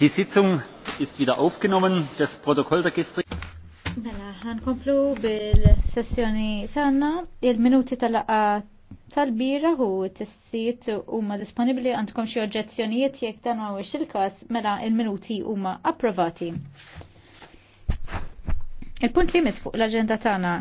Die Sitzung ist wieder aufgenommen. Das Protokoll der gestrigen. Mela, ħankomplu bil-sessjoni tagħna, il-minuti tal-laqa tal-bira u t-tessiet huma disponibbli għandkom xi oġġezzjonijiet jekk dan għaw il-każ mela il-minuti huma approvati. Il-punt li mis fuq l-aġenda tagħna